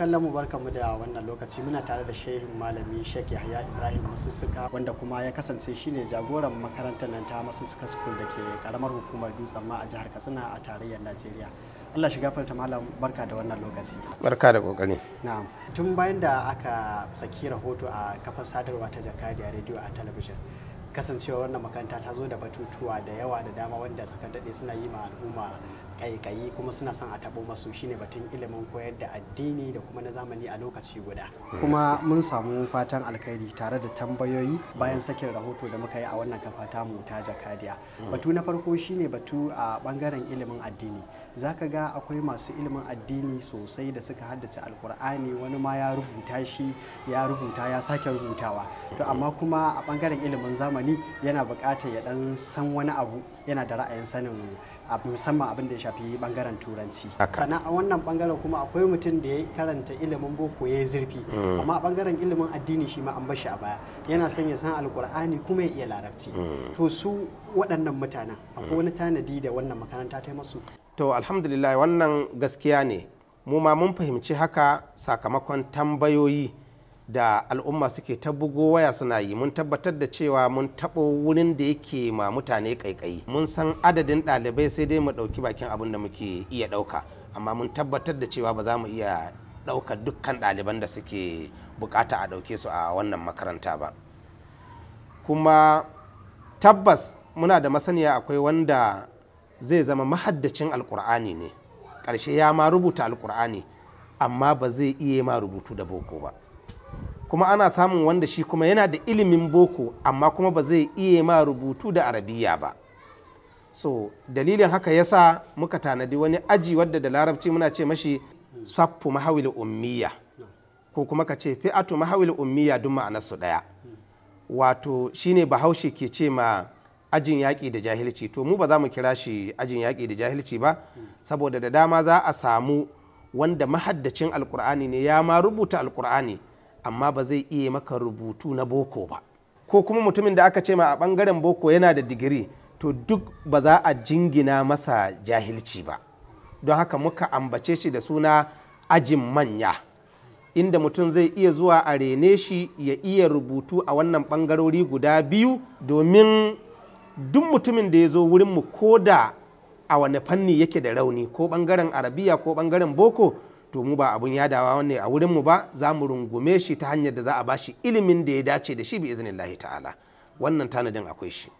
kallon mu barka mu da wannan lokaci muna tare da shehin malami Sheikh Yahya Ibrahim Masussuka wanda kuma ya kasance shine jagoran makarantar nan ta Masussuka School da ke karamar hukumar Dutsen ma a jihar Katsina a tarayyar Najeriya. Allah shiga farta malam barka da wannan lokaci. Barka da kokari. Na'am. Tun bayan da aka saki rahoto a kafar sadarwa ta Jakadiya rediyo a talabijin kasancewa wannan makaranta ta zo da batutuwa da yawa da dama wanda suka dade suna yi ma al'umma kaikayi kuma suna son a taɓo masu shine batun ilimin koyar da addini da kuma na zamani a lokaci guda kuma mun samu fatan alkhairi tare da tambayoyi bayan sakin rahoto da muka yi a wannan kafa ta mu ta jakadiya mm. batu na farko shine batu a bangaren ilimin addini zaka ga akwai masu ilimin addini sosai da suka haddace alkur'ani wani ma ya rubuta shi ya rubuta ya sake rubutawa to amma kuma a bangaren ilimin zamani yana bukatar ya dan san wani abu yana da ra'ayin sanin musamman abin da ya shafi bangaren turanci sannan a wannan bangaren kuma akwai mutum da ya karanta ilimin boko ya yi zurfi mm. amma a bangaren ilimin addini shi ma an bashi a baya yana son ya san alkur'ani kuma ya iya larabci mm. to su waɗannan mutanen akwai mm. wani tanadi da wannan makaranta ta masu to alhamdulillah wannan gaskiya ne mu ma mun fahimci haka sakamakon tambayoyi da al'umma suke ta bugo waya suna yi mun tabbatar da cewa mun taɓo wurin da yake ma mutane kaikayi mun san adadin ɗalibai sai dai mu ɗauki bakin abin da muke iya ɗauka amma mun tabbatar da cewa ba za mu iya ɗaukar dukkan ɗaliban da suke bukata a ɗauke su a wannan makaranta ba kuma tabbas muna da masaniya akwai wanda zai zama mahaddacin alkur'ani ne ƙarshe ya ma rubuta alkur'ani amma ba zai iya ma rubutu da boko ba kuma ana samun wanda shi kuma yana da ilimin boko amma kuma ba zai iya ma rubutu da arabiya ba so dalilin haka yasa muka tanadi wani aji wadda da larabci muna ce mashi saffu mahawil ummiya ko kuma ka ce fi'atu mahawil ummiya duk su ɗaya wato shine bahaushe ke ce ma ajin yaƙi da jahilci to mu ba za mu kira shi ajin yaƙi da jahilci ba saboda da dama za a samu wanda mahaddacin alkur'ani ne ya ma rubuta alkur'ani amma ba zai iya maka rubutu na boko ba ko kuma mutumin da aka ce ma a bangaren boko yana da digiri to duk ba za a jingina masa jahilci ba don haka muka ambace shi da suna ajin manya inda mutum zai iya zuwa a rene shi ya iya rubutu a wannan bangarori guda biyu domin duk mutumin da ya zo wurinmu ko da a wani fanni yake da rauni ko bangaren arabiya ko bangaren boko to mu ba abun yadawa ne a wurin mu ba za mu rungume shi ta hanyar da za a bashi ilimin da ya dace da shi bi iznillahi ta'ala wannan tanadin akwai shi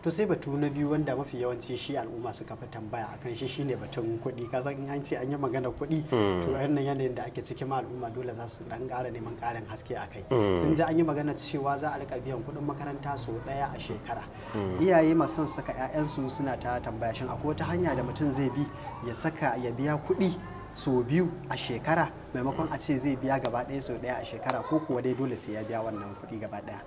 to sai batu na biyu wanda mafi yawanci shi al'umma suka fi tambaya akan shi shi ne batun kuɗi ka san an ce an yi magana kuɗi hmm. to a yanayin da ake cikin al'umma dole za su dan ƙara neman ƙarin haske a kai hmm. sun ji an yi magana cewa za a rika biyan kuɗin makaranta sau ɗaya a shekara hmm. iyaye masu saka 'ya'yansu suna ta tambaya shin akwai wata hanya da mutum zai bi ya saka ya biya kuɗi so biyu a shekara maimakon a ce zai biya gaba ɗaya so ɗaya a shekara ko kuwa dai dole sai ya biya wannan kuɗi gaba ɗaya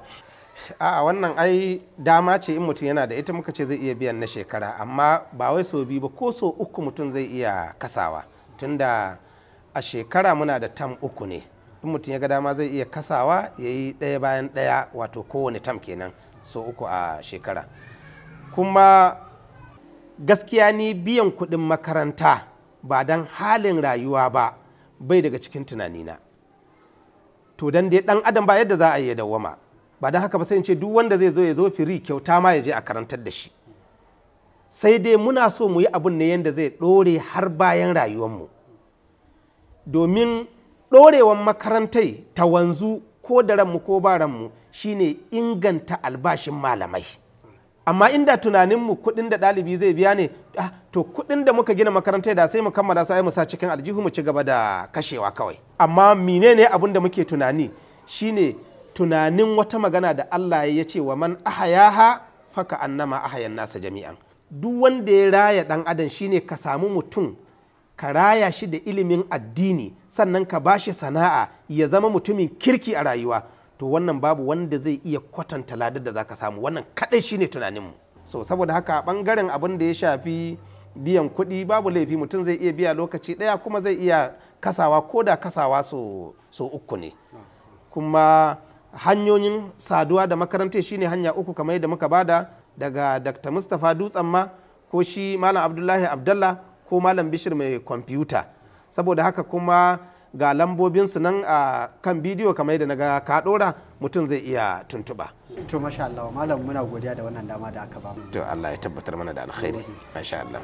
a wannan ai dama ce in mutum yana da ita muka ce zai iya biyan na shekara amma ba wai so biyu ba ko so uku mutum zai iya kasawa tunda a shekara muna da tam uku ne in mutum ya ga dama zai iya kasawa ya yi ɗaya bayan ɗaya wato kowane tam kenan so uku a shekara kuma gaskiya ni biyan kuɗin makaranta ba don halin rayuwa ba bai daga cikin tunanina to dan dai dan adam ba yadda za a yi dawwama ba don haka ba sai in ce duk wanda zai zo ya zo firi kyauta ma ya je a karantar da shi sai dai muna so mu yi abun ne yadda zai ɗore har bayan rayuwarmu domin ɗorewan makarantai ta wanzu ko da ranmu ko ba ranmu shine inganta albashin malamai amma inda tunaninmu kuɗin da ɗalibi zai biya ne ah, to kuɗin da muka gina makarantar da sai mu kammala sai mu sa cikin aljihu mu ci gaba da kashewa kawai amma menene abin da muke tunani shine tunanin wata magana da Allah ya ce wa man ahayaha faka annama ahayan nasa jami'an duk wanda ya raya dan adam shine ka samu mutum ka raya shi da ilimin addini sannan ka bashi sana'a ya zama mutumin kirki a rayuwa to wannan babu wanda zai iya kwatanta ladar da zaka samu wannan kadai shine tunaninmu so saboda haka bangaren abin da ya shafi biyan kuɗi babu laifi mutum zai iya biya lokaci ɗaya kuma zai iya kasawa ko da kasawa so, so uku ne kuma hanyoyin saduwa da makaranta shine hanya uku kamar da muka bada daga dr mustapha dutsen ma ko shi malam abdullahi abdallah ko malam bishir mai kwamfuta saboda haka kuma ga lambobinsu nan a kan bidiyo kamar yadda na ga ka dora mutum zai iya tuntuba to masha Allah malam muna godiya da wannan dama da aka ba mu to Allah ya tabbatar mana da alkhairi masha Allah